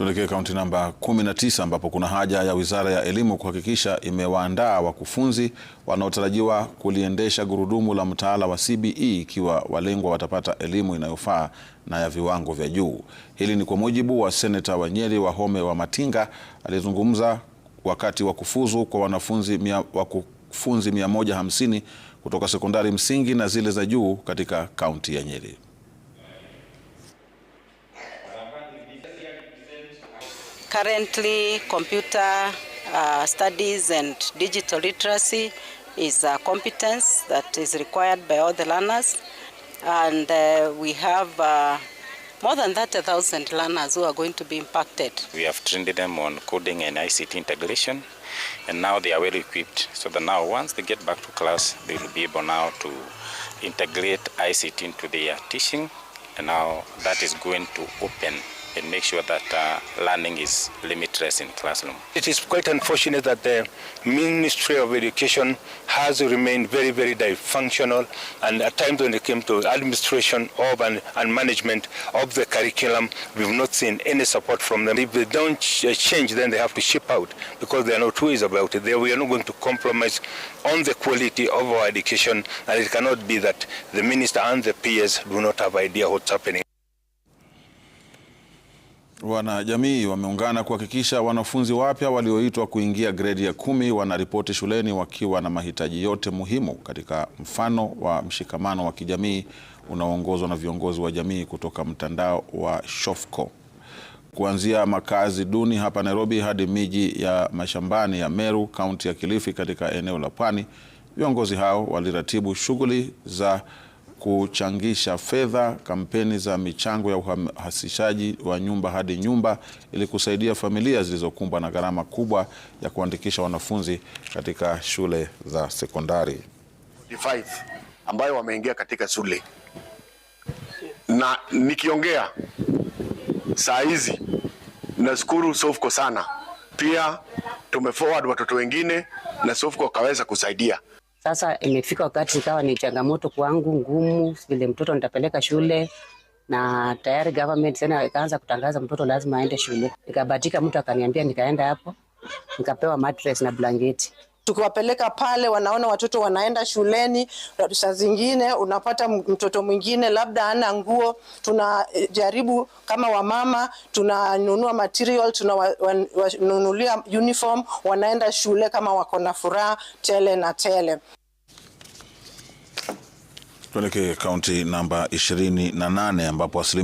Tuelekee kaunti namba 19 ambapo kuna haja ya Wizara ya Elimu kuhakikisha imewaandaa wakufunzi wanaotarajiwa kuliendesha gurudumu la mtaala wa CBE ikiwa walengwa watapata elimu inayofaa na ya viwango vya juu. Hili ni kwa mujibu wa Seneta wa Nyeri Wahome matinga aliyezungumza wakati wa kufuzu kwa wanafunzi mia, wakufunzi 150 kutoka sekondari msingi na zile za juu katika kaunti ya Nyeri. Currently, computer uh, studies and digital literacy is a competence that is required by all the learners. And uh, we have uh, more than thousand learners who are going to be impacted. We have trained them on coding and ICT integration, and now they are well equipped. So that now, once they get back to class, they will be able now to integrate ICT into their teaching, and now that is going to open and make sure that uh, learning is limitless in classroom. It is quite unfortunate that the Ministry of Education has remained very, very dysfunctional and at times when it came to administration of and, and management of the curriculum, we've not seen any support from them. If they don't change, then they have to ship out because there are no two ways about it. They, we are not going to compromise on the quality of our education and it cannot be that the minister and the peers do not have idea what's happening. Wanajamii wameungana kuhakikisha wanafunzi wapya walioitwa kuingia gredi ya kumi wanaripoti shuleni wakiwa na mahitaji yote muhimu katika mfano wa mshikamano wa kijamii unaoongozwa na viongozi wa jamii kutoka mtandao wa SHOFCO. Kuanzia makazi duni hapa Nairobi hadi miji ya mashambani ya Meru, kaunti ya Kilifi katika eneo la Pwani, viongozi hao waliratibu shughuli za kuchangisha fedha, kampeni za michango ya uhamasishaji wa nyumba hadi nyumba ili kusaidia familia zilizokumbwa na gharama kubwa ya kuandikisha wanafunzi katika shule za sekondari ambayo wameingia katika shule na nikiongea saa hizi nashukuru Sofco sana, pia tumeforward watoto wengine na Sofco akaweza kusaidia. Sasa imefika wakati ikawa ni changamoto kwangu ngumu, vile mtoto nitapeleka shule na tayari government tena ikaanza kutangaza mtoto lazima aende shule. nikabatika mtu akaniambia, nikaenda hapo nikapewa mattress na blanketi tukiwapeleka pale, wanaona watoto wanaenda shuleni. Saa zingine unapata mtoto mwingine labda ana nguo, tunajaribu kama wamama, tunanunua material, tunawanunulia uniform, wanaenda shule kama wako na furaha tele na tele. Tuelekee kaunti namba 28 ambapo asilimia